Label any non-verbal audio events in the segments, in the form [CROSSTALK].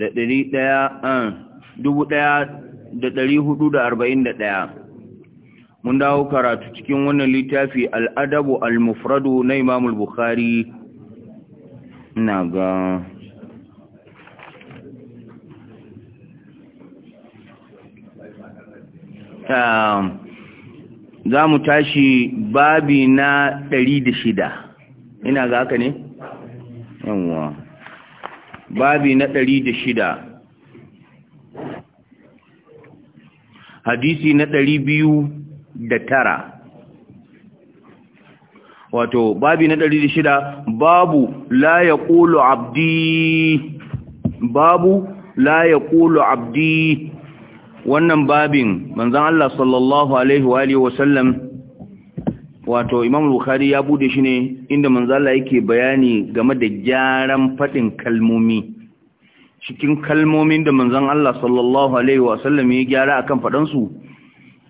da ɗari ɗaya ɗaya da ɗari da arba'in da ɗaya mun dawo karatu cikin wannan littafi al'adabu al-mufradu na imamul bukhari na ga za mu tashi babi na ɗari da shida ina ga haka ne? yawon babi na ɗari da shida hadisi na ɗari biyu da tara wato babi na ɗari da shida babu la ya ƙulu abdi babu la ya ƙulu abdi wannan babin manzan Allah sallallahu Alaihi wa sallam wato imam bukhari ya bude shi ne inda manzala yake bayani game da gyaran fadin kalmomi cikin kalmomin da manzan Allah sallallahu alaihi wasallam ya gyara akan faɗansu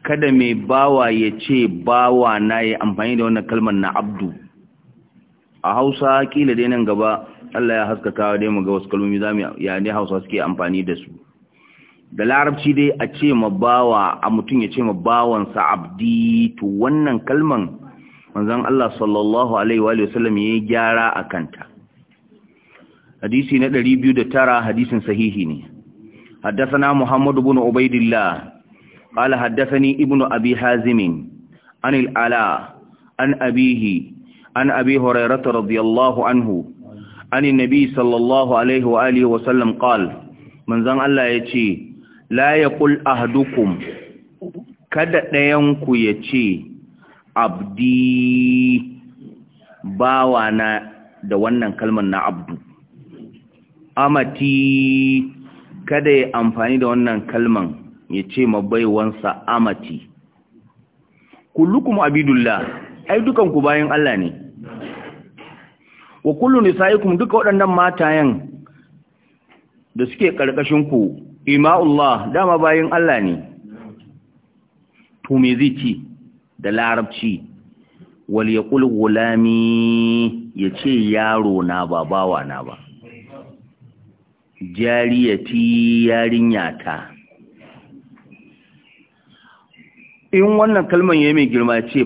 kada mai bawa ya ce bawa na ya amfani da wannan kalmar na abdu a hausa kila dai nan gaba Allah ya haskaka dai mu ga wasu kalmomi za mu ya ne hausa suke amfani da su da larabci dai a ce ma bawa a mutum ya ce ma bawansa abdi to wannan kalman manzan Allah sallallahu Alaihi wa sallam ya yi gyara a kanta. Hadisi na ɗari biyu da tara hadisin sahihi ne, haddasana Muhammadu bin Ubaidillah, ƙala haddasani Ibn Abi Hazimin, an al’ala, an abihi, an abi horayrata radiyallahu anhu, an nabi sallallahu Alaihi wa sallam ƙal, manzan Allah ya ce, La ya ku ya ce, abdi bawa na da wannan kalmar na abdu amati kada ya amfani da wannan kalman ya ce mabaiwansa amati kullukum abidullah ai dukanku bayan Allah ne wa kullu nisaikum duka waɗannan matayen da suke ƙarƙashin ku ima'ullah dama bayan Allah ne to me zai ci da larabci wal yaqul gulami yace yaro na ba bawa na ba jariyati yarinya ta in wannan kalman ya mai girma ce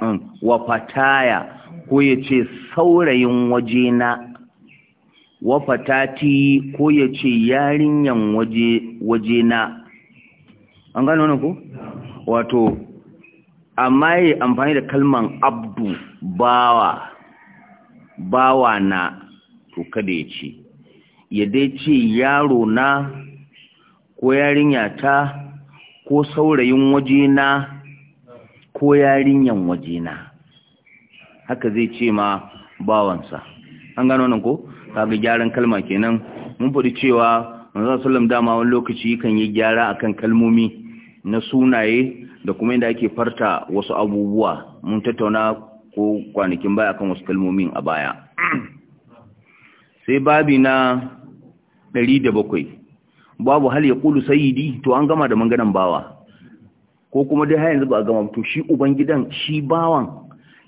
um, wa fataya ko ya ce saurayin wajena wa fatati ko ya ce yarinyan wajena an gano wannan ko wato amma yi amfani da kalman abdu bawa bawa na to kada ya ce ya dai ce yaro na ko yarinya ta ko saurayin waje na ko yarinyan waje na haka zai ce ma bawansa an gano nan ko kaga gyaran kalma kenan mun faɗi cewa manzo sallam dama wani lokaci kan yi gyara akan kalmomi na sunaye da kuma inda ake farta wasu abubuwa mun tattauna ko kwanakin baya kan wasu kalmomin a baya sai babi na 107 babu hal ya kulu sayidi to an gama da manganan bawa ko kuma dai har yanzu ba a gama to shi ubangidan shi bawan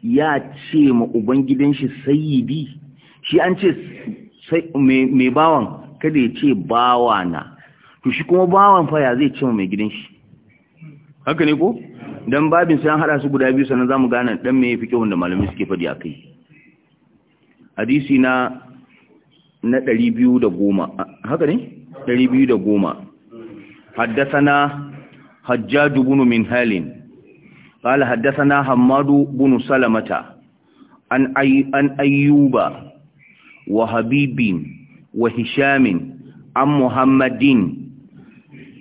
ya ce ma ubangidan shi sayidi shi an ce mai bawan kada ya ce bawa na to shi kuma bawan fa ya zai ce ma mai gidan shi haka ne ko dan babin sai an hada su guda biyu sannan zamu gane dan me yafi kyau da malamai suke fadi akai hadisi na na 210 haka ne 210 حدثنا حجاج بن منهال قال حدثنا حماد بن سلمة عن أي wa أيوب وحبيب وهشام عن محمد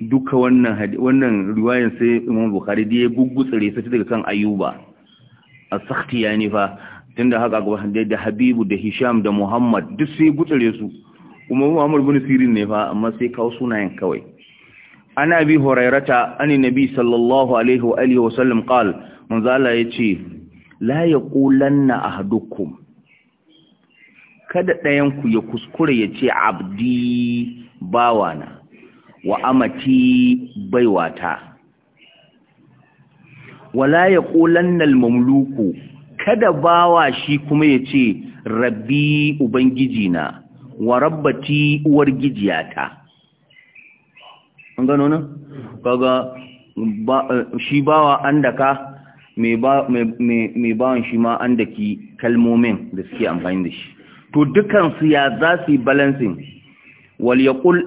duka wannan wannan riwayan sai Imam Bukhari da ya gugutsare sai daga kan Ayuba as yani fa tunda haka ga da Habibu da Hisham da Muhammad duk sai gutsare su kuma Muhammad bin Sirin ne fa amma sai kawo sunayen kawai ana bi hurairata ani nabi sallallahu alaihi wa alihi wa sallam qal manzo Allah yace la yaqulanna ahadukum kada ɗayanku ya kuskure ya ce abdi bawana wa amati baiwata wala ya ƙolannal mamluku kada bawa shi kuma ya ce rabbi ubangiji na wa rabbati uwar gijiyata an gano nan kaga shi bawa an da ka mai bawan shi ma an da ki kalmomin da suke amfani da shi to dukansu ya za su yi balancing wal yaqul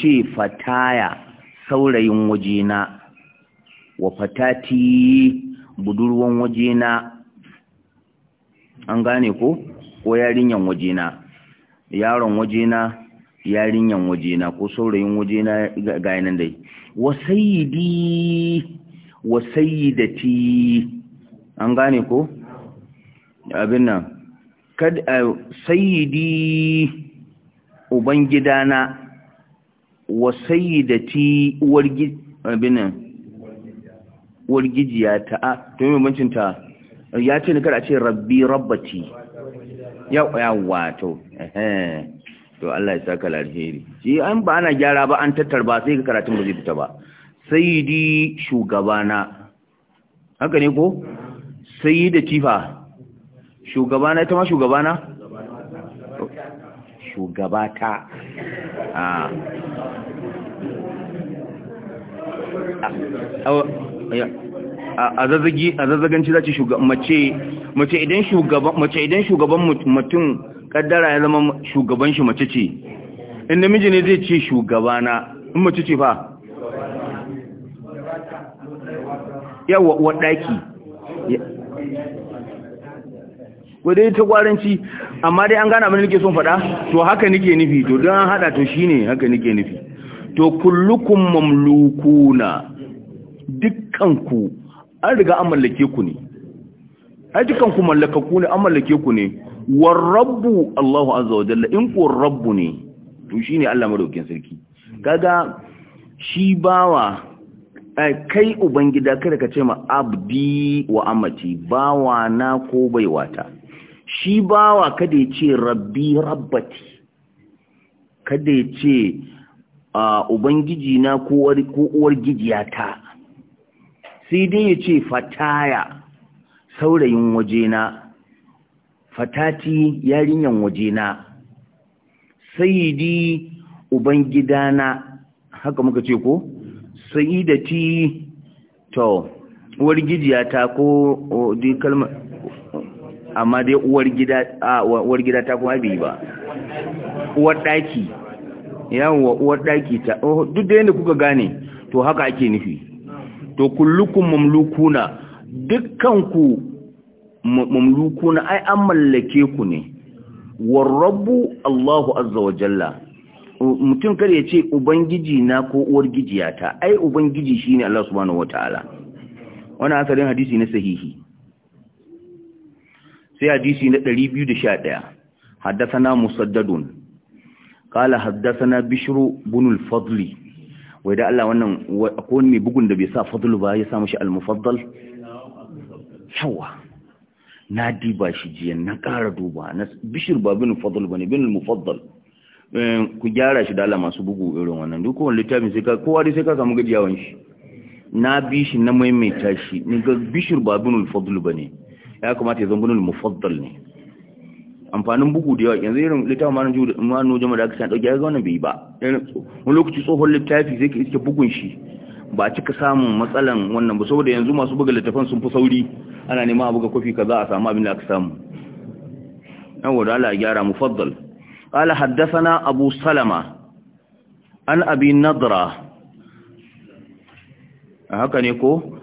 ce fataya saurayin wajena wa fatati budurwan wajena an gane ko ko yarinyan wajena yaron wajena yarinyan wajena ko saurayin wajena ga yanan dai wa sayyidi wa sayyidati an gane ko abin nan kad eh, sayyidi ubangidana wa sayyidati uwargi abinan ta a to me bancin ta ya ce ni kada a ce rabbi rabbati ya yawa to eh to Allah ya saka alheri shi an ba ana gyara ba an tattar ba sai ka karatun ba zai fita ba sayyidi shugabana haka ne ko sayyidati fa shugabana ita ma shugabana shugabata a a zazzaganci za ce mace idan shugaban mutum kaddara ya zama shugaban shi mace ce in namiji ne zai ce shugabana in mace ce fa yawa wadaki ko dai ta gwaranci amma dai an gana abin da nake son faɗa to haka nake nufi to don an haɗa to shine haka nake nufi to kullukum mamlukuna dukkanku an riga an mallake ku ne ai dukkanku mallakaku ne an mallake ku ne war rabbu Allahu azza wa jalla in ku rabbu ne to shine Allah madaukin sarki kaga shi bawa kai ubangida kada ka ce ma abdi wa amati bawa na ko baiwata shi bawa kada ce rabbi rabbati kada ya ce ubangiji na ko uwar gijiyata sai dai ya ce fataya saurayin wajena fatati yarinyan wajena di ubangidana haka muka ce ko sayidati to uwar gijiyata ko kalmar amma dai uwar gida ta kuma bai ba uwar daki yawa uwar daki ta oh, duk da yanda kuka gane to haka ake nufi to kullukum mamlukuna dukkanku mamlukuna ai an mallake ku ne warrabu Allahu azza wa jalla mutum kar ya ce ubangiji na ko uwar gijiyata ai ubangiji shine Allah subhanahu wataala wannan asalin hadisi na sahihi sai hadisi na 211 haddathana musaddadun qala haddathana bishru bin al-fadli wai da Allah wannan akwai ne bugun da bai sa fadlu ba ya sa shi al-mufaddal yawa na diba shi jiya na ƙara duba na bishir ba bin fadl ne, bin al-mufaddal eh, ku gyara shi da Allah masu bugu irin wannan duk kowanne littafin sai ka kowa dai sai ka samu gajiyawan shi na bi shi na maimaita shi ni ga bishir ba bin al-fadl bane ya kamata ya zama bunul mufaddal ne amfanin bugu da yawa yanzu irin littafin malam da manu jama da aka san dauki ya zama wannan bai ba wani lokaci tsohon littafi zai ka iske bugun shi ba cika samun matsalan wannan ba saboda yanzu masu buga littafan sun fi sauri ana nema a buga kofi kaza a samu abin da aka samu an wada Allah gyara mufaddal qala haddathana abu salama an abi nadra haka ne ko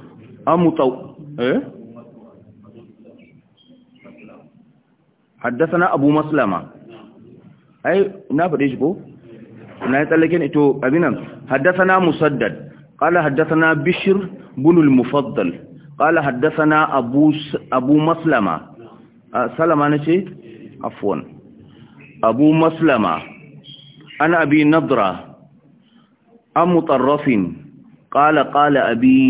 an mutau eh حدثنا أبو مسلمة أي نافذ إجبو نايتلكين إتو أبينام حدثنا مسدد قال حدثنا بشر بن المفضل قال حدثنا أبو س... أبو مسلمة سلمة نشي عفوا أبو مسلمة أنا أبي نضرة أم مطرف قال قال أبي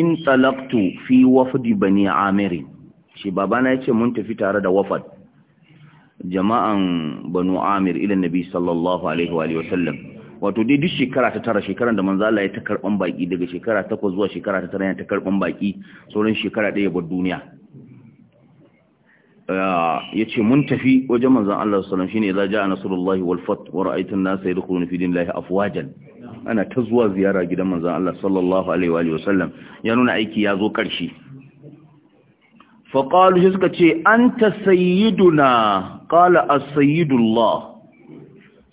انطلقت في وفد بني عامرين shi babana ya ce mun tafi tare da wafad jama'an banu amir ilan nabi sallallahu alaihi wa sallam wato dai duk shekara ta tara shekaran da Manzala Allah ya ta karban baki daga shekara takwas zuwa shekara ta tara ya ta karban baki sauran shekara ɗaya bar duniya ya ce mun tafi wajen manzan Allah sallallahu alaihi wasallam shine za ja'a a wal fath wa ra'aytun nasa yadkhuluna fi dinillahi afwajan ana ta zuwa ziyara gidan manzan Allah sallallahu alaihi wa sallam ya nuna aiki ya zo ƙarshe faƙalu shi suka ce an ta sayiduna ƙala a sayidullah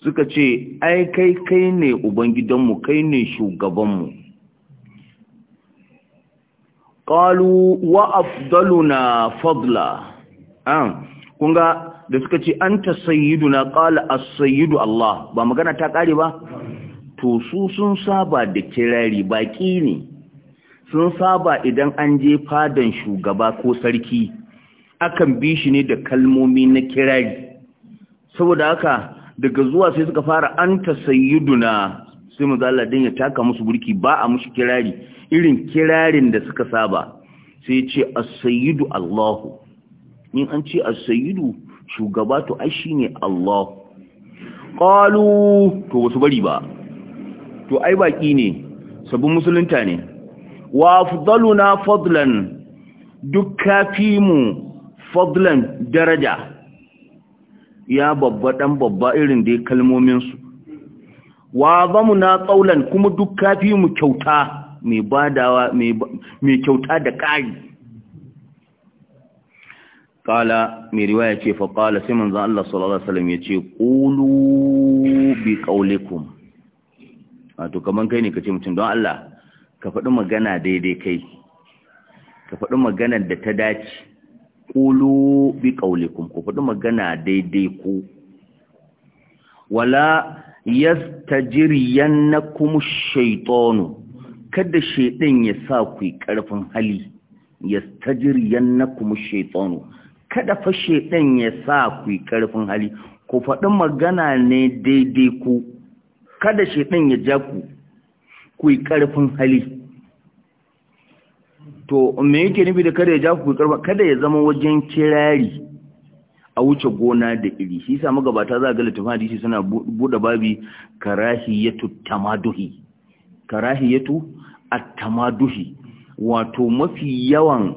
suka ce ai kai kai ne ubangidanmu kai ne shugabanmu ƙalu wa afdaluna fadla an kunga da suka ce an ta sayiduna ƙala a sayidu Allah ba magana ta ƙare ba to su sun saba da kirari baƙi ne sun saba idan an je fadan shugaba ko sarki akan bi shi ne da kalmomi na kirari saboda haka daga zuwa sai suka fara an tasayyiduna sai mu zalla din ya taka musu burki ba a musu kirari irin kirarin da suka saba sai ce as-sayyidu Allahu in an ce as-sayyidu shugaba to ai shine Allah qalu to wasu bari ba to ai baki ne sabbin musulunta ne wa afdaluna fadlan duk kafi mu fadlan daraja ya babba dan babba irin dai kalmomin su wa zamuna qaulan kuma duk kafi mu kyauta mai badawa mai kyauta da ƙari kala mai riwaya ce fa kala sai manzan Allah sallallahu Alaihi wasallam ya ce ƙulu bi A wato kaman kai ne ka ce mutum don Allah ka faɗi magana daidai kai ka faɗi magana da ta dace ƙulu bi ƙaulikum ku faɗi magana daidai ku wala yastajriyannakum shaytanu kada Shaidan ya sa ku karfin hali yastajriyannakum shaytanu kada fa Shaidan ya sa ku karfin hali ku faɗi magana ne daidai ku kada Shaidan ya ja ku ku yi ƙarfin hali to me yake nufi da kada ya ja ku ƙarfa, kada ya zama wajen kirari a wuce gona da iri shi yasa magabata za a ga littafin hadisi suna buɗa babi karahiyatu tamaduhi karahiyatu at-tamaduhi wato mafi yawan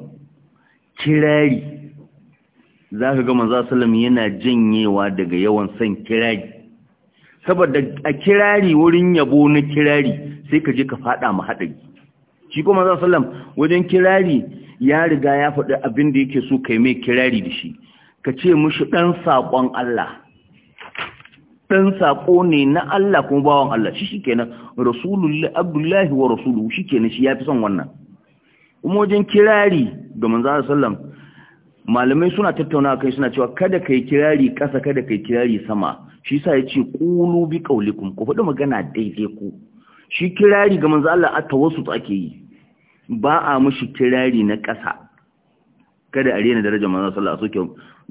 kirari zaka ga manzo sallallahu yana janyewa daga yawan san kirari saboda a kirari wurin yabo na kirari sai ka je ka fada mu haɗari shi kuma za sallam wajen kirari ya riga ya faɗi abin da yake so kai mai kirari da shi ka ce mushi ɗan saƙon Allah ɗan saƙo ne na Allah kuma bawan Allah shi shikenan rasulullahi abdullahi wa rasuluhu shikenan shi yafi son wannan kuma wajen kirari ga manzo sallam malamai suna tattauna kai suna cewa kada kai kirari ƙasa, kada kai kirari sama shi yasa yace qulu bi qaulikum ku faɗi magana daidai ku shi kirari ga manzo Allah at-tawassut ake yi ba a mushi kirari na ƙasa. kada a rena darajar manzo Allah soke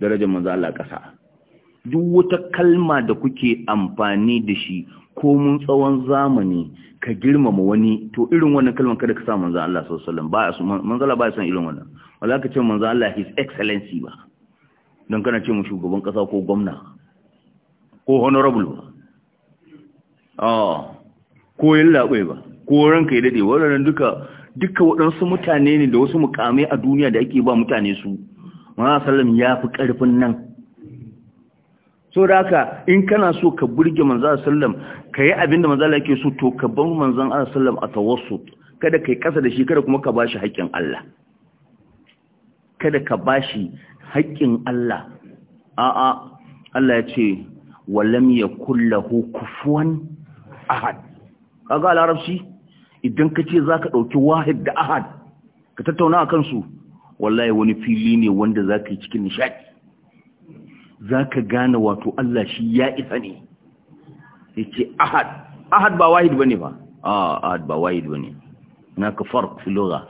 darajar manzo Allah ƙasa. duk wata kalma da kuke amfani da shi ko mun tsawon zamani ka girmama wani to irin wannan kalman kada ka sa manzo Allah sallallahu alaihi wasallam ba ya manzo Allah ba ya san irin wannan ba za ka ce manzo Allah his excellency ba don kana ce mu shugaban kasa ko gwamna ko honorable ba ah ko yin labai ba ko ranka ya dade waɗannan duka duka waɗansu mutane ne da wasu mukamai a duniya da ake ba mutane su manzo sallam ya fi ƙarfin nan so da haka in kana so ka burge manzo sallam ka yi abinda manzo Allah yake so to ka ban manzo Allah sallam a tawassut kada kai kasa da shi kada kuma ka bashi haƙƙin Allah kada ka bashi haƙƙin Allah a'a Allah ya ce walam ya kulla kufuwan ahad kaga larabci idan ka ce zaka ɗauki wahid da ahad ka tattauna akan su wallahi wani fili ne wanda zaka yi cikin nishadi zaka gane wato Allah shi ya isa ne yace ahad ahad ba wahid bane ba a ahad ba wahid bane ka farq fi lugha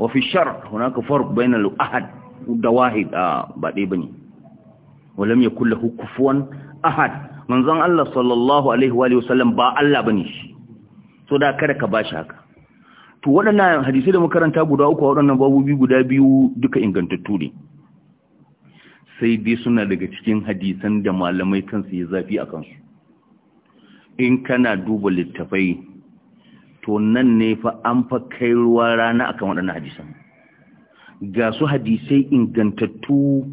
وفي الشرع هناك فرق بين الأحد والواحد بعدي بني ولم يكن له كفوا أحد من ظن الله صلى الله عليه وآله وسلم با الله بني so da kada ka bashi haka to waɗannan hadisi da makaranta guda uku waɗannan babubi guda biyu duka ingantattu ne sai dai suna daga cikin hadisan da malamai kansu ya zafi a kansu in kana duba littafai to nan ne fa an fa kai ruwa rana akan waɗannan hadisan ga su hadisai ingantattu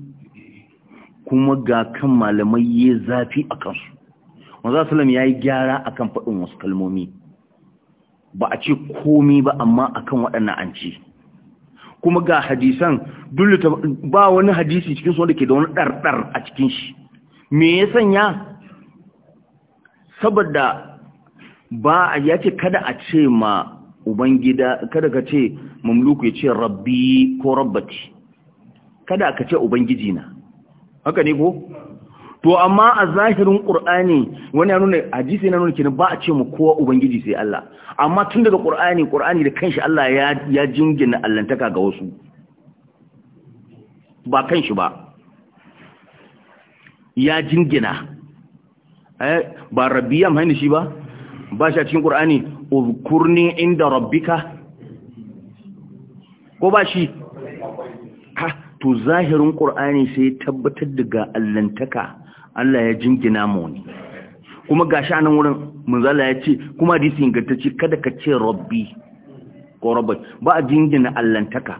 kuma ga kan malamai ya zafi a kansu wanzu salam ya yi gyara a kan faɗin wasu kalmomi ba a ce komi ba amma akan kan an ce kuma ga hadisan ba wani hadisi cikin su wanda ke da wani ɗarɗar a cikin shi me ya sanya saboda ba ya ce kada a ce ma ubangida kada ka ce mamluku ya ce rabbi ko rabbati kada ka ce ubangiji na haka ne ko to amma a zahirin qur'ani wani ya nuna hadisi na nuna kenan ba a ce mu kowa ubangiji sai Allah amma tun daga qur'ani qur'ani da kanshi Allah ya ya jingina allantaka ga wasu ba kanshi ba ya jingina eh ba rabbiyam hani shi ba ba shi a cikin ƙur'ani ƙurni inda rabbika ko ba shi ha to zahirin ƙur'ani sai tabbatar da ga allantaka Allah ya jingina mu Kuma kuma shi a nan wurin munzala ya ce kuma hadisi ingantacci kada ka ce rabbi ko rabbi ba a jingina allantaka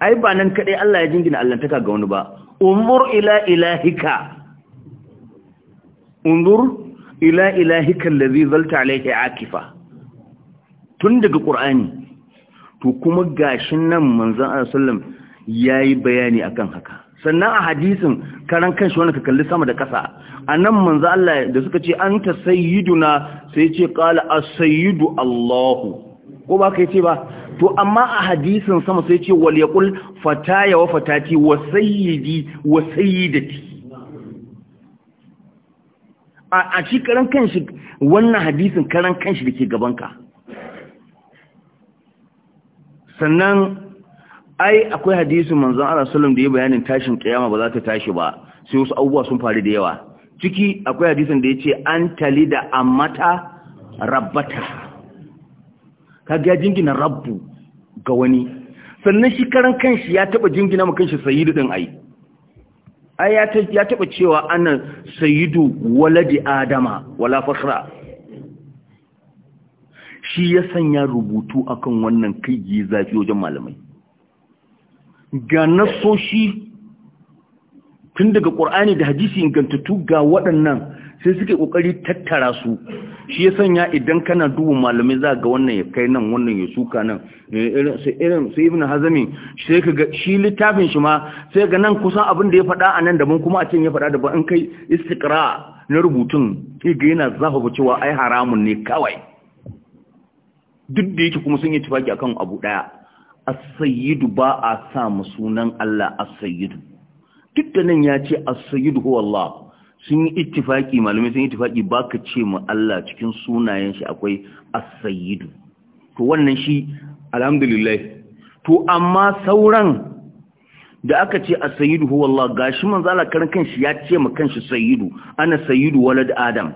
ai ba nan kaɗai Allah ya jingina allantaka ga wani ba umur ila ilahika undur ila ilahika allazi zalta alayhi akifa tun daga qur'ani to kuma gashin nan manzon sallam yayi bayani akan haka sannan a hadisin karan kanshi wanda ka kalli sama da ƙasa anan manzo Allah da suka ce anta sayyiduna sai ce qala as-sayyidu Allahu ko ba ka ce ba to amma a hadisin sama sai ce wal yaqul fataya wa fatati wa sayyidi wa sayyidati a shi karan kanshi wannan hadisin karan kanshi da ke gabanka sannan ai akwai hadisin manzon Allah da ya bayanin tashin kiyama ba za ta tashi ba sai wasu abubuwa sun faru da yawa ciki akwai hadisin da ya ce an tali da ammata rabbata ga jingina rabbu ga wani sannan shi karan kanshi ya taba jingina mu kanshi sayyidu din ai ai ya taɓa cewa ana sayidu waladi adama wala fasra shi ya sanya rubutu akan wannan kai yi zafi wajen malamai ga nasoshi tun daga ƙur'ani da hadisi ingantattu ga waɗannan sai suke kokari tattara su shi ya sanya idan kana duba malamai za ga wannan ya kai nan wannan ya suka nan eh, irin sai ibn hazami sai ka shi littafin shi ma sai ga nan kusan abin da ya faɗa anan, nan mun kuma a can ya faɗa daban in kai istiqra na rubutun sai ga yana zafafa cewa ai haramun ne kawai duk da yake kuma sun yi tafaki akan abu daya as-sayyidu ba a sa mu sunan Allah as-sayyidu duk da nan ya ce as-sayyidu huwa Allah sun yi ittifaki malamai sun yi ittifaki baka ce ma Allah cikin sunayen shi akwai asayidu to wannan shi alhamdulillah to amma sauran da aka ce asayidu sayidu huwa Allah gashi manzo Allah karan kanshi ya ce mu kanshi sayidu ana sayidu walad adam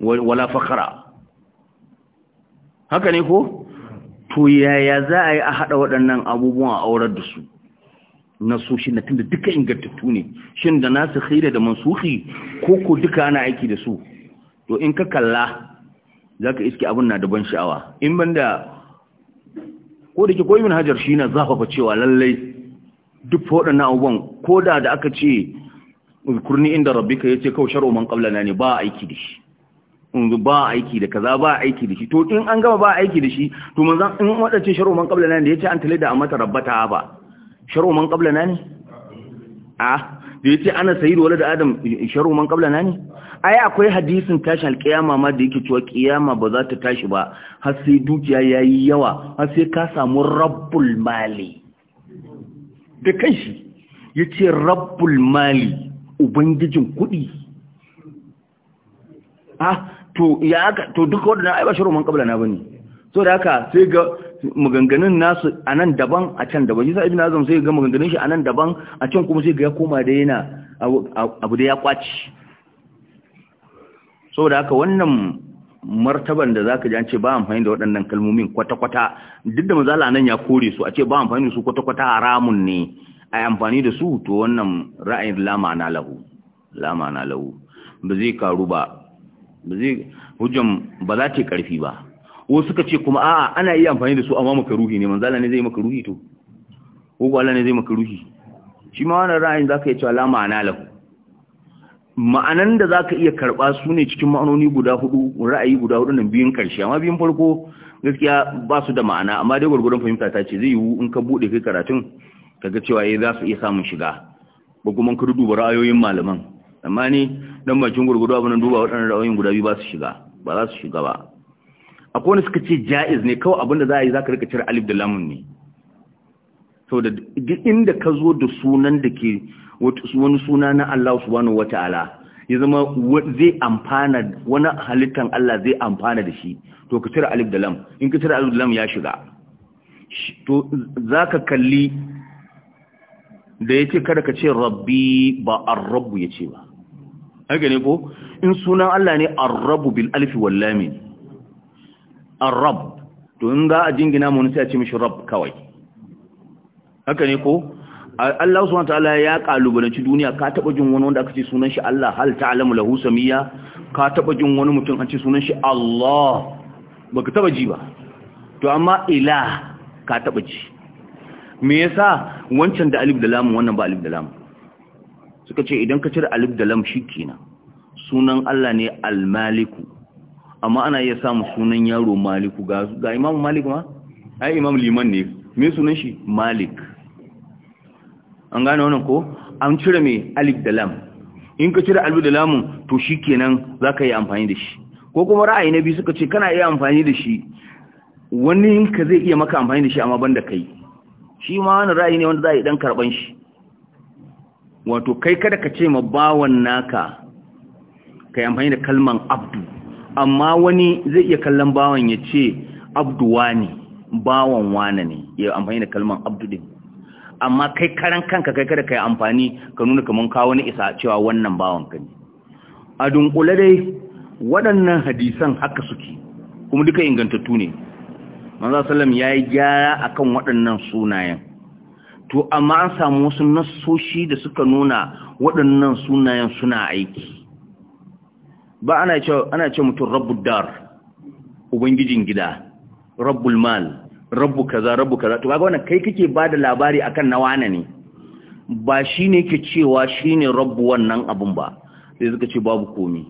wala fakhra haka ne ko to yaya za a yi a hada waɗannan abubuwan a aurar da su nasoshi na tunda duka ingantattu ne shin da nasu khaira da mansuhi ko ko duka ana aiki da su to in ka kalla zaka iske abin na da ban sha'awa in banda ko da ke koyi min hajar shi na zafafa cewa lallai duk waɗannan abubuwan ko da da aka ce kurni inda rabbika yace kawai shar'u man qablana ne ba aiki da shi In ba aiki da kaza ba aiki da shi to in an gama ba aiki da shi to manzan in wadace sharuman kabla nan da yace an tale da amata rabbata ba sharu man qabla ne a da yace ana sayyid walad adam sharu man qabla ne ai akwai hadisin tashi alqiyama ma da yake cewa kiyama ba za ta tashi ba har sai dukiya yayi yawa har sai ka samu rabbul mali da kanshi yace rabbul mali ubangijin kudi ah to ya to duk wannan ai ba sharu man na bane so da haka sai ga maganganun nasu a nan daban a can daban yi sa’ibin azam sai ga maganganun shi a nan daban a can kuma sai ga ya koma da yana abu da ya kwaci saboda haka wannan martaban da zaka ka an ce ba amfani da waɗannan kalmomin kwata-kwata duk da mazala nan ya kore su a ce ba amfani da su kwata-kwata ramun ne a amfani da su to wannan ra'ayin lama na lahu lama na lahu ba zai karu ba ba zai hujjan ba za ta yi ƙarfi ba wasu suka ce kuma a'a ana iya amfani da su amma ruhi ne manzala ne zai ruhi to ko Allah ne zai maka ruhi shi ma wannan ra'ayin zaka iya cewa la ma'ana lahu ma'anan da zaka iya karba su ne cikin ma'anoni guda hudu ra'ayi guda hudu nan biyun karshe amma biyun farko gaskiya ba su da ma'ana amma dai gurgurun fahimta ta ce zai yiwu in ka bude kai karatun kaga cewa eh za su iya samun shiga ba kuma ka duba ra'ayoyin malaman amma ni dan bakin gurgurdu abin duba waɗannan ra'ayoyin guda biyu ba su shiga ba za su shiga ba akwai wani suka ce ja'iz ne kawai abinda za a yi za ka rika cire alif da lamun ne sau da inda ka zo da sunan da ke wani suna na Allah subhanahu wa ta'ala ya zama zai amfana wani halittar Allah zai amfana da shi to ka cire alif da lam in ka cire alif da lam ya shiga to za ka kalli da ya ce kada ka ce rabbi ba arrabu ya ce ba haka ne ko in sunan Allah ne arrabu bil alifi wallami ar-rabb to in za a jingina mu sai a ce mishi rabb kawai haka ne ko Allah subhanahu wataala ya kalubalanci duniya ka taba jin wani wanda aka ce sunan shi Allah hal ta'lamu lahu samiyya ka taba jin wani mutum an ce sunan shi Allah baka taba ji ba to amma ilah ka taba ji me yasa wancan da alif da lam wannan ba alif da lam suka ce idan ka cire alif da lam shikenan sunan Allah ne al-maliku amma ana iya samun sunan yaro maliku ga ga imam malik ma ai imam liman ne me sunan shi malik an gane wannan ko an cire me alif da lam in ka cire alif da lam to shikenan zaka yi amfani da shi ko kuma ra'ayi na biyu suka ce kana iya amfani da shi wani ka zai iya maka amfani da shi amma banda kai shi ma wani ra'ayi ne wanda za a yi dan karban shi wato kai kada ka ce ma bawan naka kai amfani da kalman abdu amma wani zai iya kallon bawan ya ce abduwa ne bawan wane ne ya amfani da kalman abdu amma kai karan kanka kai kada kai amfani ka nuna kamar kawo wani isa cewa wannan bawan ka ne a dunkule dai waɗannan hadisan haka suke kuma duka ingantattu ne manzo sallam yi gyara akan waɗannan sunayen to amma an samu wasu nassoshi da suka nuna waɗannan sunayen suna aiki ba ana ce mutum rabbul dar ubangijin gida rabbul mal rabbu kaza rabbu kaza to kaga wannan kai kake bada labari akan na ne ba shine ke cewa shine rabbu wannan abun ba sai suka ce babu komi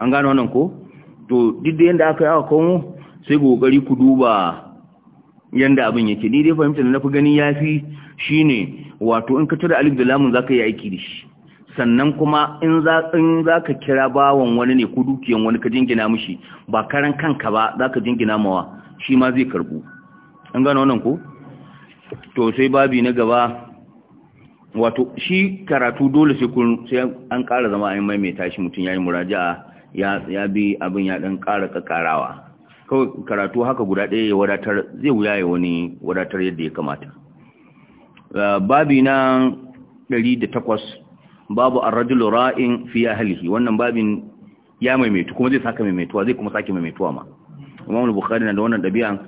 an gano wannan ko to duk da yanda aka yi aka komo sai kokari ku duba yanda abin yake ni dai fahimta na fi gani yafi shine wato in ka tura alif da lamun zaka yi aiki da shi sannan kuma in za in zaka kira bawon wani ne ko dukiyan wani ka jingina mishi ba karan kanka ba zaka jingina mawa shi ma zai karbu an gano wannan ko to sai babi na gaba wato shi karatu dole sai kun sai an ƙara zama an maimaita shi mutum yayi muraja'a ya ya bi abin ya dan ƙara kakarawa kawai karatu haka guda ɗaya ya wadatar zai wuya ya wani wadatar yadda ya kamata babi na babu ar-rajulu ra'in fi ahlihi wannan babin ya maimaitu kuma zai saka maimaituwa zai kuma sake maimaituwa ma Imam Bukhari na da wannan dabi'an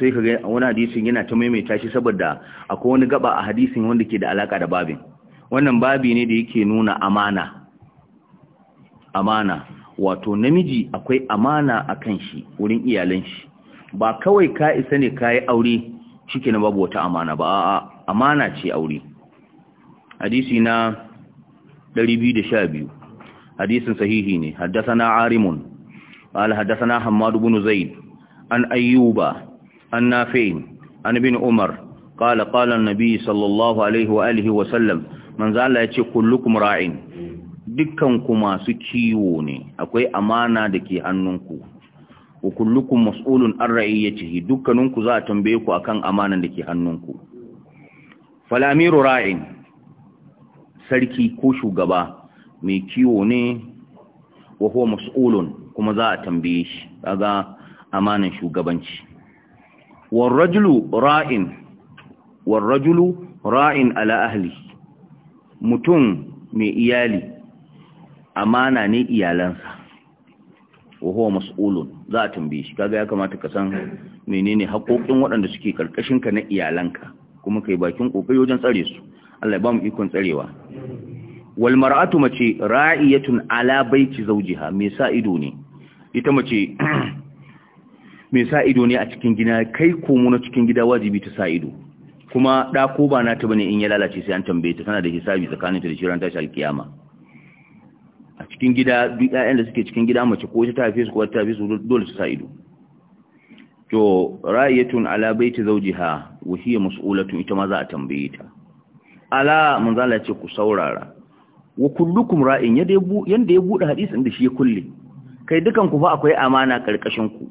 sai kaga wani hadisin yana ta maimaita shi saboda akwai wani gaba a hadisin wanda ke da alaka da babin wannan babi ne da yake nuna amana amana wato namiji akwai amana a kan shi wurin iyalan shi ba kawai ka isa ne kayi aure na babu wata amana ba a'a amana ce aure hadisi na 212 hadisin sahihi ne haddathana arimun qal haddathana hammad ibn zaid an ayyuba an nafi' an ibn umar qala qala an-nabi sallallahu alaihi wa alihi wa sallam manzo Allah yace kullukum ra'in dukkan ku masu ciwo ne akwai amana da ke hannunku wa kullukum mas'ulun an ra'iyatihi dukkaninku za a tambaye ku akan amanan da ke hannunku fal amiru ra'in sarki ko shugaba mai kiwo ne wa huwa mas'ulun kuma za a tambaye shi kaga amanan shugabanci warrajulu ra'in warrajulu ra'in ala ahli mutum mai iyali amana ne iyalansa wa huwa mas'ulun za a tambaye shi kaga ya kamata ka san menene haƙoƙin waɗanda suke karkashin ka na iyalanka kuma kai bakin kokari wajen tsare su Allah ba mu ikon tsarewa wal mar'atu mace ra'iyatun ala baiti zawjiha me sa ido ne ita mace [CLEARS THROAT] me sa ido ne a cikin gida kai ko mu na cikin gida wajibi ta sa ido kuma da ko ba na ta bane in ya lalace sai an tambaye ta tana da hisabi tsakanin ta da shiran tashi alkiyama a cikin gida duk ɗayan da suke cikin gida mace ko ta haife su ko ta haife su dole su sa ido to ra'iyatun ala baiti zawjiha wa hiya mas'ulatu ita ma za a tambaye ta ala manzala Allah ce ku saurara wa kullukum ra'in yanda ya bude hadisin da shi ya kulle kai dukan ku fa akwai amana karkashin ku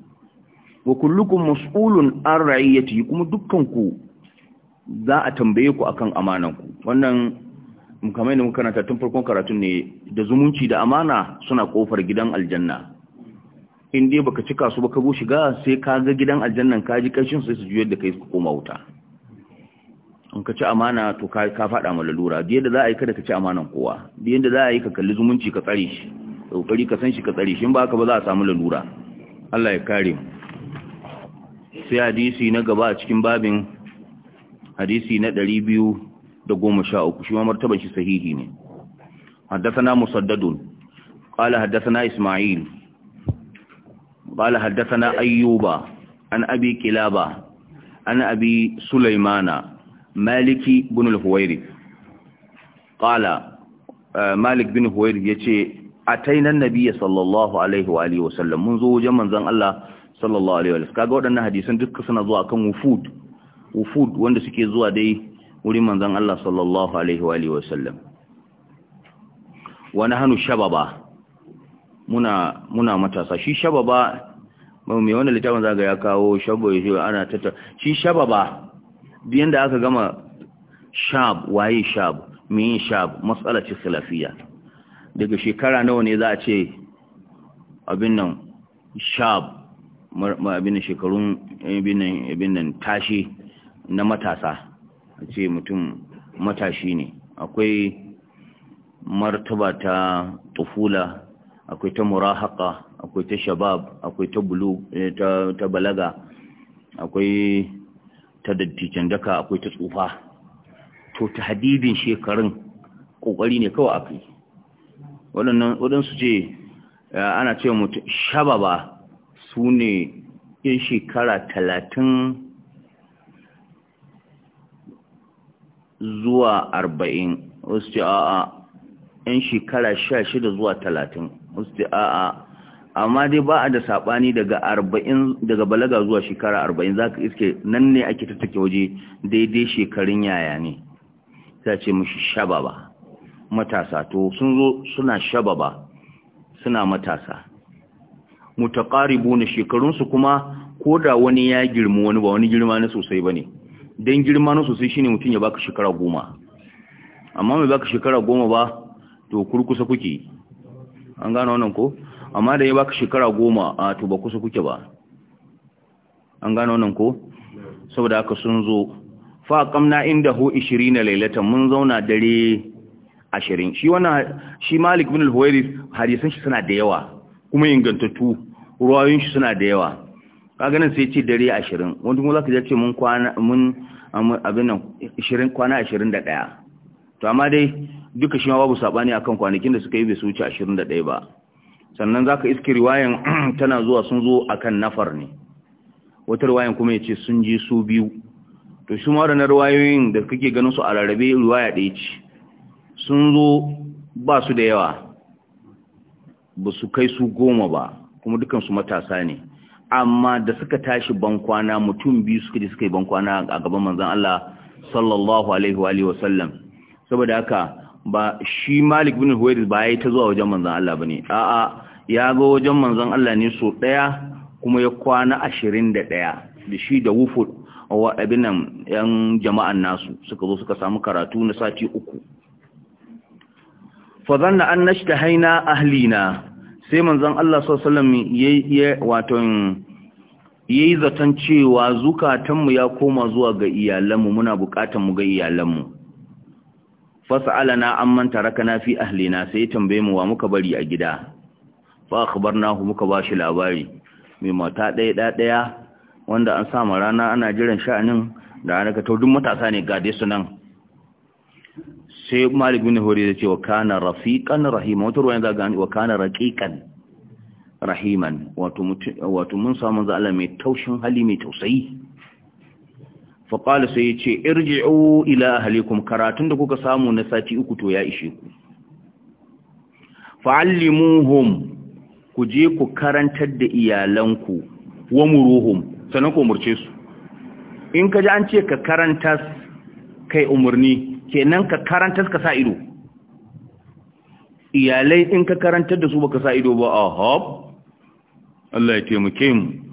wa kullukum mas'ulun an ra'iyati kuma dukkan ku za a tambaye ku akan amanan ku wannan kamar yadda muka karanta tun farkon karatun ne da zumunci da amana suna kofar gidan aljanna in dai baka cika su ka go shiga sai ka ga gidan aljannan ka ji kashin sai su juyar da kai su koma wuta in ka ci amana to ka faɗa ma lalura da yadda za a yi kada ka ci amanan kowa da yadda za a yi ka kalli zumunci ka tsare shi kokari ka san shi ka tsare shi ba ka ba za a samu lalura Allah ya kare mu sai hadisi na gaba a cikin babin hadisi na 213 shi ma martaban shi sahihi ne حدثنا مسدد qala حدثنا isma'il qala حدثنا Ayyuba. An abi Kilaba. an abi sulaimana maliki bin al-huwairi qala eh, malik bin huwairi yace tainan Nabiya sallallahu alaihi wa alihi wasallam mun zo wajen manzan Allah sallallahu alaihi wa alihi kaga waɗannan hadisan duka suna zuwa kan wufud wufud wanda suke zuwa dai wurin manzan Allah sallallahu alaihi wa alihi wasallam wa nahnu shababa muna muna matasa shi shababa mai wanda littafin zaga ya kawo shabo ya ana shi shababa biyan da aka gama shab waye shab min shab matsala ce salafiya daga shekara nawa ne za a ce abin nan shab abin shekarun abin nan tashi na matasa a ce mutum matashi ne akwai martaba ta tufula akwai ta murahaka akwai ta shabab akwai ta bulu eh, ta balaga akwai ta dattijan daka akwai ta tsufa to ta hadibin shekarun kokari ne kawai akai waɗannan waɗansu ce eh, ana ce mutu shababa su ne yin shekara talatin zuwa arba'in wasu ce a'a in shekara sha shida zuwa talatin wasu ce a'a amma dai ba a da saɓani daga arba'in daga balaga zuwa shekara arba'in za ka iske nan ne ake tattake waje daidai shekarun yaya ne ta ce mashi ba matasa to sun zo suna shaba ba suna matasa mutaƙaribu na shekarunsu kuma ko da wani ya girma wani ba wani girma na sosai ba ne don girma na sosai shine mutum ya baka shekara goma amma mai baka shekara goma ba to kurkusa kuke an gano wannan ko amma da ya baka shekara goma a to ba kusa kuke ba an gano nan ko saboda haka sun zo fa kamna inda hu 20 lailatan mun zauna dare 20 shi wana shi Malik bin al-Huwairis hadisan shi suna da yawa kuma ingantattu ruwayoyin shi suna da yawa kaga nan sai ce dare 20 wanda kuma zaka ji ce mun kwana mun abin nan 20 kwana 21 to amma dai duka shi ma babu sabani akan kwanakin da suka yi bai ashirin da 21 ba sannan zaka iske riwayan [CLEARS THROAT] tana zuwa sun zo akan nafar ne wata riwayan kuma ya ce sun je su biyu to shi ma na riwayoyin da kake ganin su a rarrabe riwaya ɗaya ce sun zo ba su da yawa ba su kai su goma ba kuma dukansu matasa ne amma da suka tashi bankwana mutum biyu suka je suka yi bankwana a gaban manzan Allah sallallahu alaihi wa sallam saboda haka ba shi malik bin huwairis ba yayi ta zuwa wajen Manzon Allah ba ne a'a ya ga wajen Manzon Allah ne so ɗaya kuma ya kwana ashirin da ɗaya da shi da wufud wa abinan yan jama'an nasu suka zo suka samu karatu na sati uku fa zanna an nashtahaina haina ahlina sai Manzon Allah sallallahu alaihi wasallam yayi wato yayi zaton cewa zukatanmu ya koma zuwa ga iyalanmu muna bukatan mu ga iyalanmu fas'alana amman tarakana fi ahlina sai tambaye mu wa muka bari a gida fa akhbarnahu muka bashi labari mai mata ɗaya ɗaya wanda an sama rana ana jiran sha'anin da ana kato duk matasa ne ga su nan sai malik bin hori ya ce wa kana rafiqan rahiman wato ruwan zaga wa kana raqiqan rahiman wato wato mun samu zalla mai taushin hali mai tausayi faƙala sai ya ce o ila ahalikum karatun da kuka samu na sati uku to ya ishe ku fa'allimuhum ku je ku karantar da iyalanku wa muruhum sannan ku umarce su in ka ji an ce ka karantas kai umarni kenan ka karantas ka sa ido iyalai in ka karantar da su baka sa ido ba a hop Allah ya taimake mu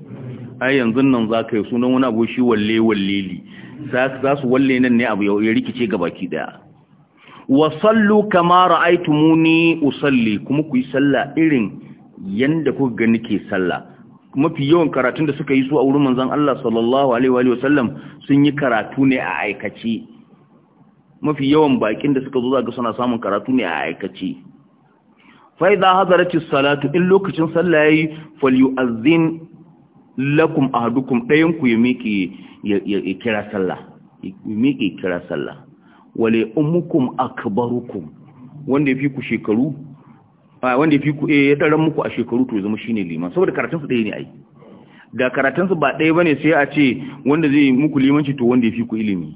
ai yanzu nan za ka yi sunan wani abu shi walle li za su walle nan ne abu ya rikice ga baki daya wa sallu kama ra'aytumuni usalli kuma ku yi sallah irin yanda kuka ga nake sallah mafi yawan karatun da suka yi su a wurin manzan Allah sallallahu alaihi wa sallam sun yi karatu ne a aikace mafi yawan bakin da suka zo zaka suna samun karatu ne a aikace fa idza hadaratis salatu in lokacin sallah yayi falyu'azzin lakum ahadukum ɗayan ku ya miƙe ya kira sallah ya miƙe kira sallah wale ummukum akbarukum wanda ya fi ku shekaru wanda ya fi ku eh ya daren muku a shekaru to zama shine liman saboda karatun su ɗaya ne ai da karatun su ba ɗaya bane sai a ce wanda zai muku limanci to wanda ya fi ku ilimi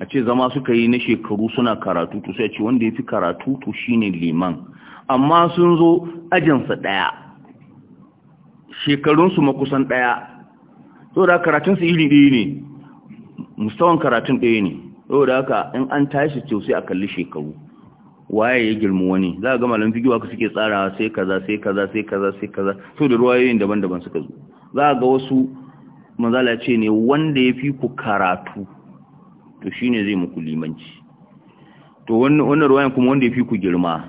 a ce zama suka yi na shekaru suna karatu to sai a ce wanda ya fi karatu to shine liman amma sun zo ajinsa ɗaya shekarunsu makusan ɗaya Karatun karatunsu iri ɗaya ne mustawan karatun ɗaya ne da haka in an tashi to sai a kalli shekaru waye ya girma wani za a gama lamfigiwa ka suke tsarawa sai kaza sai kaza sai kaza sai kaza so da ruwayoyin daban-daban suka zo za a ga wasu manzala ce ne wanda ya fi ku karatu to shine zai muku limanci to wannan ruwayan kuma wanda ya fi ku girma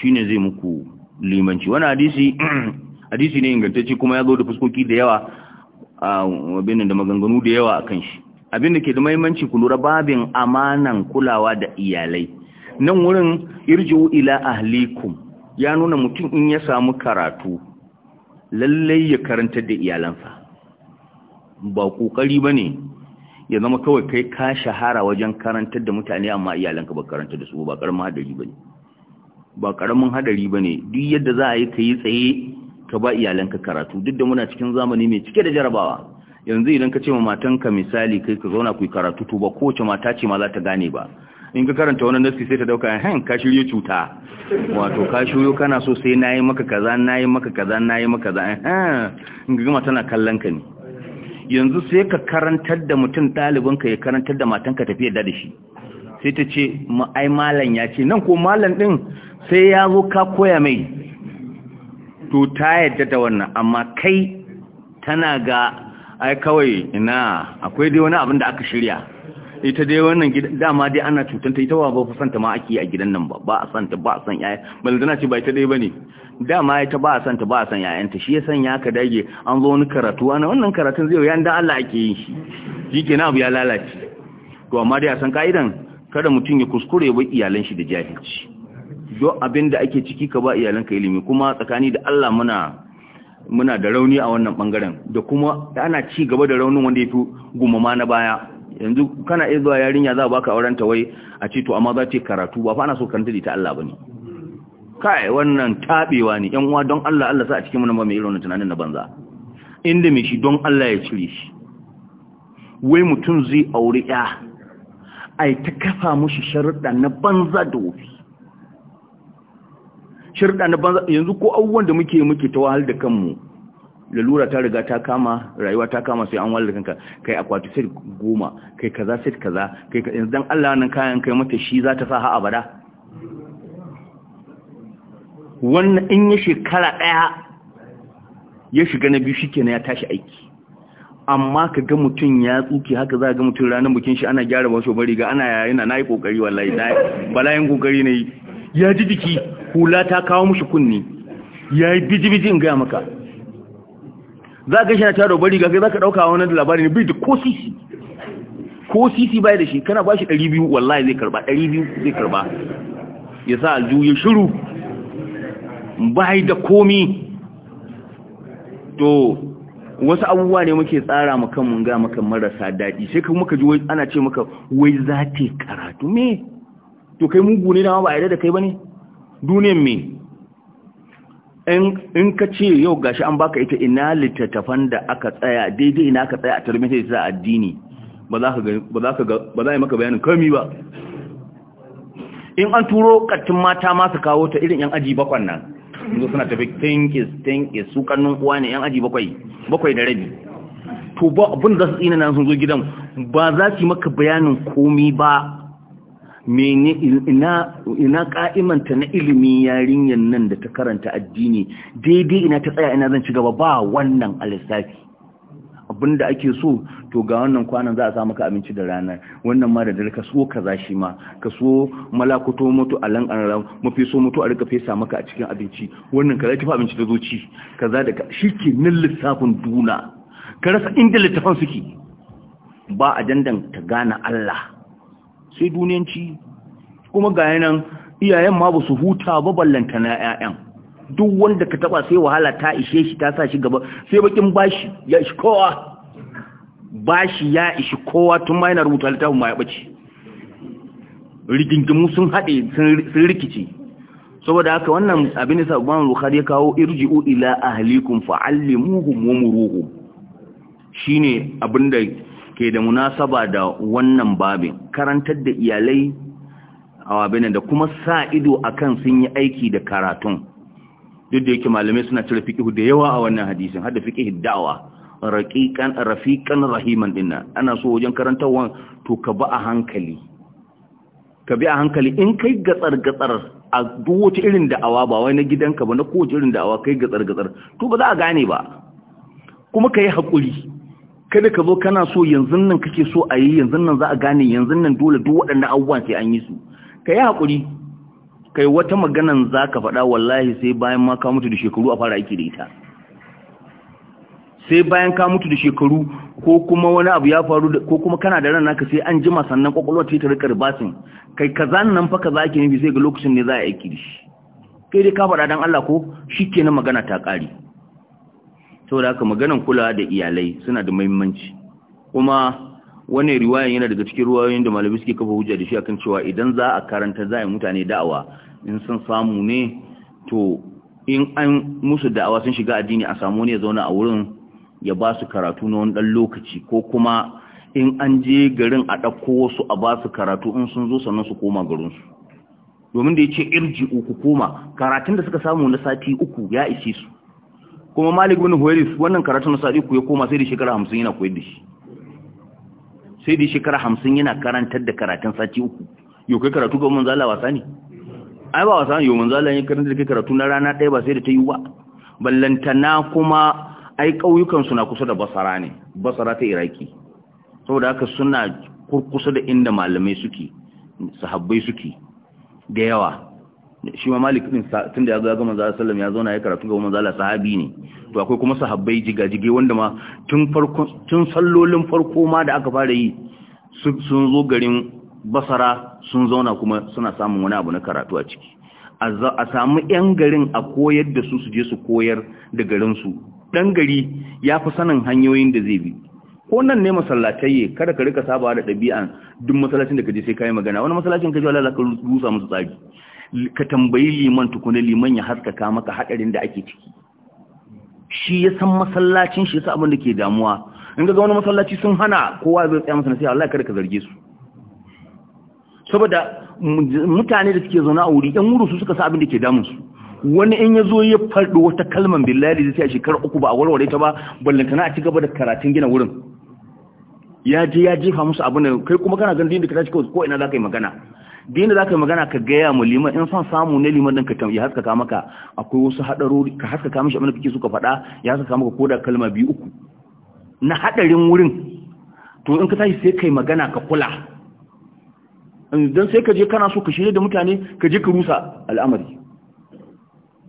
shine zai muku limanci wani hadisi hadisi ne ingantacce kuma ya zo da fuskoki da yawa a wabin da maganganu da yawa a shi Abinda ke da mahimmanci ku lura babin amanan kulawa da iyalai nan wurin irji'u ila ahlikum ya nuna mutum in ya samu karatu lallai ya karanta da iyalansa ba kokari bane ya zama kawai kai ka shahara wajen karantar da mutane amma iyalanka ba karanta da su ba karamin hadari bane ba karamin hadari bane duk yadda za a yi kai tsaye ka ba iyalanka karatu duk da muna cikin zamani mai cike da jarabawa yanzu idan ka ce ma matanka misali kai ka zauna ku yi karatu to ba kowace mata ce ma za ta gane ba in ka karanta wani nasi sai ta dauka hen ka shiryo cuta wato ka shiryo kana so sai nayi maka kaza nayi maka kaza nayi maka kaza in ga gama tana kallon ka ne yanzu sai ka karantar da mutum ɗalibinka ya karantar da matanka tafiya da shi sai ta ce ai malam ya ce nan ko malam ɗin sai ya zo ka koya mai to ta yadda da wannan amma kai tana ga ai kawai ina akwai dai wani abin da aka shirya ita dai wannan dama dai ana cutanta ita ba ba santa ma ake a gidan nan ba ba a santa ba a san yaya balantana ce ba ita dai bane dama ita ba a santa ba a san yayanta shi ya san ya ka dage an zo wani karatu wani wannan karatun zai yan da Allah ake yin shi na abu ya lalace to amma dai a san kaidan kada mutum ya kuskure ba iyalan shi da jahilci don abin da ake ciki ka ba iyalanka ilimi kuma tsakani da Allah muna muna da rauni a wannan bangaren da kuma ana ci gaba da raunin wanda ya fi gumama na baya yanzu kana iya zuwa yarinya za a baka auren ta wai a ce to amma za ta karatu ba fa ana so karanta da ita Allah bane kai wannan tabewa ne yan uwa don Allah Allah sa a cikin mu ba mai irin tunanin na banza inda mai shi don Allah ya cire shi wai mutum zai aure ya ai ta kafa mushi sharuɗa na banza da wofi shirɗa na banza yanzu ko abubuwan da muke muke ta wahal da kanmu lalura ta riga ta kama rayuwa ta kama sai an wahal da kanka kai akwati set goma kai kaza set kaza kai yanzu dan Allah nan kayan kai mata shi za ta sa ha abada wannan in ya shekara ɗaya ya shiga na biyu ne ya tashi aiki amma ka ga mutum ya tsuke haka za ga mutum ranar bikin shi ana gyara wasu bari ga ana yayi na yi kokari wallahi balayin kokari ne ya ji jiki hula ta kawo mushi kunni ya yi biji-biji in gaya maka za ka shi na taro bari ga za ka ɗauka wani da labarin ne bai da ko sisi ko sisi bai da shi kana ba shi ɗari biyu wallahi zai karba ɗari biyu zai karba ya sa alju ya shiru bai da komi to wasu abubuwa ne muke tsara maka mun ga maka marasa daɗi sai kuma ka ji wai ana ce maka wai za ta karatu me to kai mugu ne dama ba a yarda da kai ba ne duniyan me in ka ce yau gashi an baka ita ina littattafan da aka tsaya daidai ina aka tsaya a tarmiyyar ta addini ba za a yi maka bayanin kami ba in an turo kattun mata masu kawo ta irin yan aji bakwan nan zo suna tafi tankis tankis su kannun uwa ne yan aji bakwai bakwai da rabi to ba abin da su tsina nan sun zo gidan ba za su yi maka bayanin komi ba mene ina ina ka'imanta na ilimi yarinyar nan da ta karanta addini daidai ina ta tsaya ina zan ci gaba ba wannan alisafi abinda ake so to ga wannan kwanan za a samu maka abinci da ranar wannan ma da dare ka so za shi ma ka so malakuto mutu lan anram mafi so mutu a rika fesa maka a cikin abinci wannan ka tafi abinci da zoci za da ke nan lissafin duna ka rasa inda littafan suke ba a dandan ta gane Allah sai duniyanci kuma ga yanan iyayen ma ba su huta ba ballanta na 'ya'yan duk wanda ka taba sai wahala ta ishe shi ta sa shi gaba sai bakin bashi ya ishi kowa bashi ya ishi kowa tun ma yana rubuta littafin ma ya bace rigingimu sun haɗe sun rikice saboda haka wannan abin da sabon bukhari ya kawo irji'u ila ahlikum fa'allimuhum wa muruhum shine abin da ke da munasaba da wannan babin karantar da iyalai a wabinan da kuma sa ido akan sun yi aiki da karatun duk da yake malamai suna cire fiqhu da yawa a wannan hadisin hada da fiqhi da'wa raqiqan rahiman dinna ana so wajen wani. to ka bi a hankali ka bi a hankali in kai gatsar gatsar a duk irin da'awa ba wai na gidanka ba na kowace irin da'awa kai gatsar gatsar to ba za a gane ba kuma ka yi hakuri kada ka zo kana so yanzu nan kake so a yi yanzu nan za a gane yanzu nan dole duk waɗannan abubuwan sai an yi su ka yi haƙuri kai wata maganan za ka faɗa wallahi sai bayan ma ka mutu da shekaru a fara aiki da ita sai bayan ka mutu da shekaru ko kuma wani abu ya faru ko kuma kana da ran naka sai an jima sannan kwakwalwar ta rika ribasin kai kaza nan fa kaza ake nufi sai ga lokacin ne za a aiki da shi kai dai ka faɗa dan Allah ko shikenan magana ta ƙare saboda haka maganan kulawa da iyalai suna da muhimmanci kuma wannan riwayan yana daga cikin riwayoyin da malamai suke kafa hujja da shi akan cewa idan za a karanta za a yi mutane da'awa in sun samu ne to in an musu da'awa sun shiga addini a samu ne zauna a wurin ya ba su karatu na wani ɗan lokaci ko kuma in an je garin a ɗauko wasu a ba su karatu in sun zo sannan su koma garin su. domin da ya ce irji uku koma karatun da suka samu na sati uku ya ishe su kuma malik bin huwairis wannan karatu na sadiku ya koma sai da shekara hamsin yana koyar da shi sai da shekara hamsin yana karantar da karatun sati uku yo kai karatu ga manzo wasa ne ai ba wasa manzo Allah ya karanta da kai karatu na rana ɗaya ba sai da ta yi wa ballantana kuma ai ƙauyukansu na kusa da basara ne basara ta iraki saboda haka suna kurkusa da inda malamai suke sahabbai suke da yawa shi ma malik din tun da ya ga manzo Allah sallam ya zauna ya karatu ga manzo Allah sahabi ne to akwai kuma sahabbai jigajige wanda ma tun farko tun sallolin farko ma da aka fara yi sun zo garin basara sun zauna kuma suna samun wani abu na karatu a ciki a samu yan garin a koyar da su su je su koyar da garin su dan gari ya fi sanin hanyoyin da zai bi ko nan ne masallatai kada ka rika saba da ɗabi'an duk masallacin da ka je sai ka yi magana wani masallacin ka ji wala ka rusa musu tsari ka tambayi liman tukuna liman ya haskaka maka hadarin da ake ciki shi ya san masallacin shi sa abin da ke damuwa in ga wani masallaci sun hana kowa zai tsaya masa sai Allah kada ka zarge su saboda mutane da suke zauna a wuri ɗan wuri su suka sa abin da ke damun su wani in ya zo ya faɗo wata kalman billahi zai a shekara uku ba a warware ta ba ballantana a ci gaba da karatun gina wurin ya je ya jefa musu abin da kai kuma kana ganin da ka tashi kawai ko ina za ka yi magana din da zaka magana ka gaya mu liman in son samu ne liman din ka ya haskaka maka akwai wasu hadarori ka haskaka mishi abin da kake so ka faɗa ya haskaka maka koda kalma biyu uku na hadarin wurin to in ka tashi sai kai magana ka kula dan sai ka je kana so ka shirye da mutane ka je ka rusa al'amari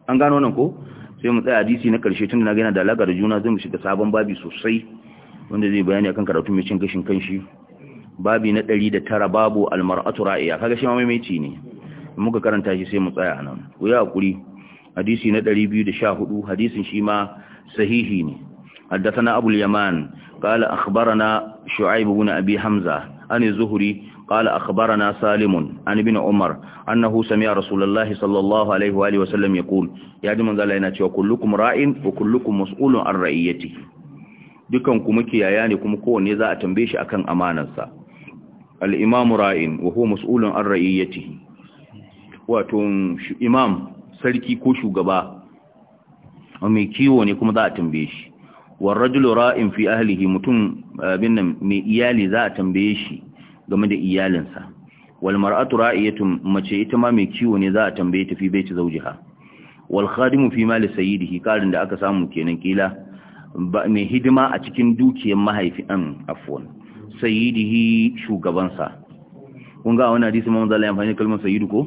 an gano nan ko sai mu tsaya hadisi na karshe tunda na ga yana da alaka da juna zai mu shiga sabon babi sosai wanda zai bayani akan karatu mai cin gashin kanshi babi na ɗari da tara babu almar'atu ra'iya kaga shi mamaimaci ne muka karanta shi sai mu tsaya nan ku yi hakuri hadisi na 214 hadisin shi ma sahihi ne haddathana abu yaman qala akhbarana shu'aib ibn abi hamza an zuhri qala na salim an ibn umar annahu sami'a rasulullah sallallahu alaihi wa alihi wa sallam ya di manzal yana cewa kullukum ra'in wa kullukum an ra'iyatihi dukan ku muke yaya ne kuma kowanne za a tambaye shi akan amanarsa al'imamu ra'in wa ho mas'ulun an ra'iyyati wato imam sarki ko shugaba mai kiwo ne kuma za a tambaye shi warrajulu ra'in fi ahlihi mutum abin mai iyali za a tambaye shi game da iyalinsa walmar'atu mar'atu mace ita ma mai kiwo ne za a tambaye ta fi baiti zawjiha wal khadimu fi mali sayyidihi karin da aka samu kenan kila mai hidima a cikin dukiyar mahaifin afwan sayyidihi shugabansa kun ga wannan hadisi Allah ya amfani kalmar sayyidu ko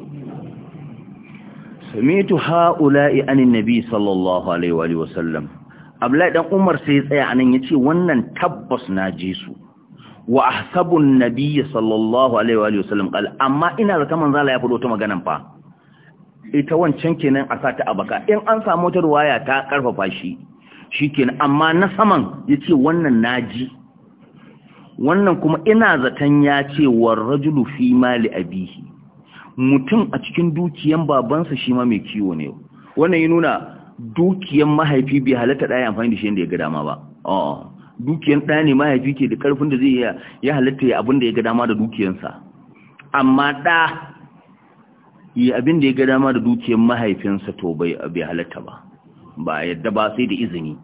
samitu ha'ula'i anin nabi sallallahu alaihi wa sallam abdullahi dan umar sai tsaya anan yace wannan tabbas na ji su wa ahsabun nabi sallallahu alaihi wa sallam qal amma ina da manzo Allah ya fado ta magana fa ita wancan kenan a sata baka. in an samu ta ruwaya ta karfafa shi shikenan amma na saman yace wannan naji wannan kuma ina zaton ya ce warrajulu fi mali abihi mutum a cikin dukiyan babansa shi ma mai kiwo ne wannan ya nuna dukiyan mahaifi bai halatta ɗaya amfani da shi yadda ya gada ma ba dukiyan ɗaya ne mahaifi ke da ƙarfin da zai ya halatta ya abin da ya gada ma da dukiyansa amma ɗa yi abin da ya gada ma da dukiyan mahaifinsa to bai halatta ba ba yadda ba sai da izini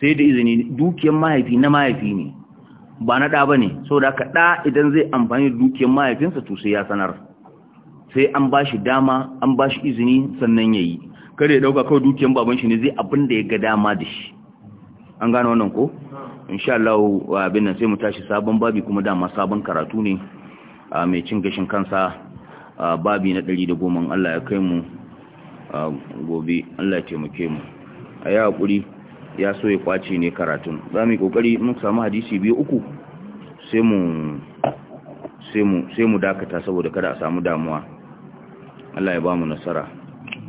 sai da izini dukiyan mahaifi na mahaifi ne ba na ɗa ba ne so da ka ɗa idan zai amfani da dukiyar mahaifinsa to sai ya sanar sai an ba shi dama an ba shi izini sannan ya yi kada ya ɗauka kawai dukiyar baban shi ne zai abin da ya ga dama da shi an gano wannan ko insha Allah abin nan sai mu tashi sabon babi kuma dama sabon karatu ne mai cin gashin kansa babi na ɗari da goma Allah ya kai mu gobe Allah ya taimake mu a yi haƙuri ya so ya kwace ne karatun za mu yi kokari mun samu hadisi biyu uku sai mu dakata saboda kada a samu damuwa Allah ya ba mu nasara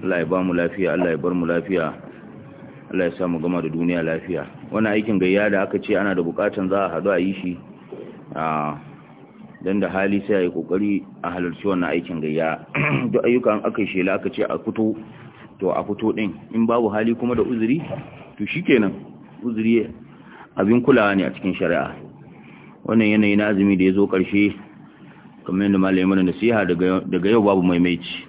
Allah ya ba mu lafiya Allah ya bar mu lafiya Allah ya sa mu gama da duniya lafiya wannan aikin gayya da aka ce ana da bukatan za a hadu a yi shi a da hali sai a yi kokari a halarci wannan aikin gayya [CLEARS THROAT] duk ayyukan aka yi shela aka ce a fito to a fito din in babu hali kuma da uzuri to shi kenan uzuri abin kulawa ne a cikin shari'a wannan yanayi na azumi da ya zo ƙarshe kamar yadda malayi mana nasiha daga yau babu maimaici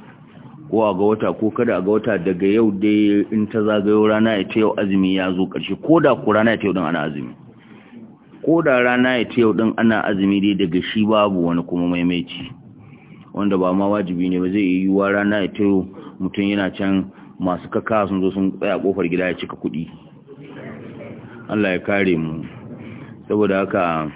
ko a ga wata ko kada a ga wata daga yau dai in ta zagayo rana ya ta yau azumi ya zo ƙarshe ko da ku rana ya ta yau ana azumi ko da rana ya ta yau ana azumi dai daga shi babu wani kuma maimaici wanda ba ma wajibi ne ba zai yi yiwuwa rana ya ta mutum yana can masu kaka sun zo sun tsaya kofar gida ya cika kuɗi Allah ya kare mu saboda haka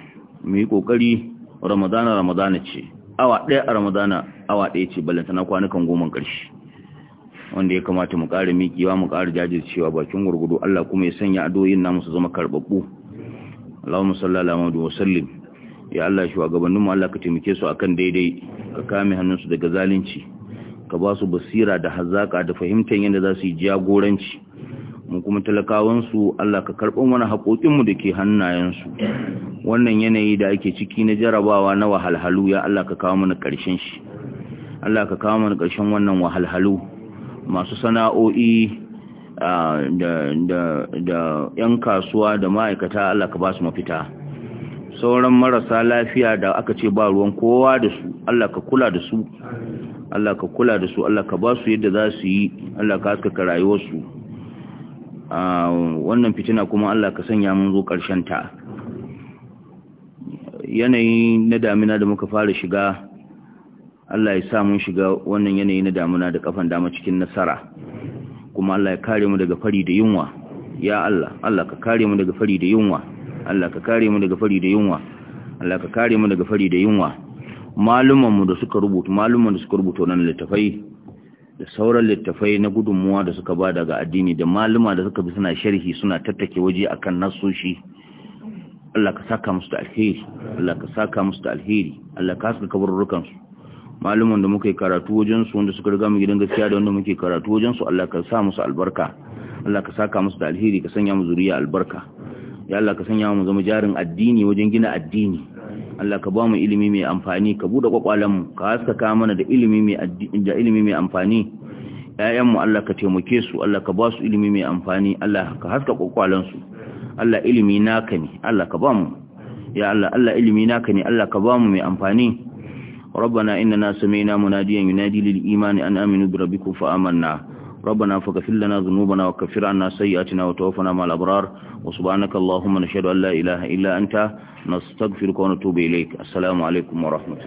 mu yi kokari ramadana ramadana ce awa ɗaya a ramadana awa ɗaya ce na kwanukan goma ƙarshe wanda ya kamata mu ƙara miƙewa mu ƙara jajircewa bakin gurgudu Allah kuma ya sanya adoyin namu su zama karɓaɓɓu Allahumma salli ala Muhammad wa sallim ya Allah shugabanninmu Allah ka taimake su akan daidai ka kame hannunsu daga zalunci ka ba su basira da hazaka da fahimtar yadda za su yi jagoranci mu kuma talakawansu Allah ka karɓi mana haƙoƙinmu da ke hannayensu wannan yanayi da ake ciki na jarabawa na wahalhalu ya Allah ka kawo mana ƙarshen shi Allah ka kawo mana ƙarshen wannan wahalhalu masu sana'o'i da 'yan kasuwa da ma'aikata Allah ka ba su mafita sauran marasa lafiya da aka ce ba ruwan kowa da su Allah ka kula da su Allah ka kula da su Allah ka ba su yadda za su yi Allah ka haskaka rayuwarsu wannan fitina kuma Allah ka sanya mun zo ƙarshen ta yanayi na damina da muka fara shiga Allah ya sa mun shiga wannan yanayi na damina da kafan dama cikin nasara kuma Allah ya kare mu daga fari da yunwa ya Allah Allah ka kare mu daga fari da yunwa Allah ka kare mu daga fari da yunwa Allah ka kare mu daga fari da yunwa malumanmu da suka rubuta malumman da suka rubuta wannan littafai da sauran littafai na gudunmuwa da suka ba daga addini da maluma da suka bi suna sharhi suna tattake waje akan nasoshi Allah ka saka musu da alheri Allah ka saka musu da alheri Allah ka saka kaburrukan su maluman da muke karatu wajen su wanda suka riga mu gidan gaskiya da wanda muke karatu wajen su Allah ka sa musu albarka Allah ka saka musu da alheri ka sanya mu zuriya albarka ya Allah ka sanya mu zama jarin addini wajen gina addini Allah ka ba mu ilimi mai amfani ka bude kwakwalen mu ka haskaka mana da ilimi mai da ilimi mai amfani ƴaƴan Allah ka taimake su Allah ka ba su ilimi mai amfani Allah ka haska kwakwalen Allah ilimi naka ne Allah ka ba mu ya Allah Allah ilimi naka ne Allah ka ba mu mai amfani ربنا إننا سمعنا مناديا ينادي للإيمان أن آمنوا بربكم فآمنا ربنا فاغفر لنا ذنوبنا وكفر عنا سيئاتنا وتوفنا مع الأبرار وسبحانك اللهم نشهد أن لا إله إلا أنت نستغفرك ونتوب إليك السلام عليكم ورحمة الله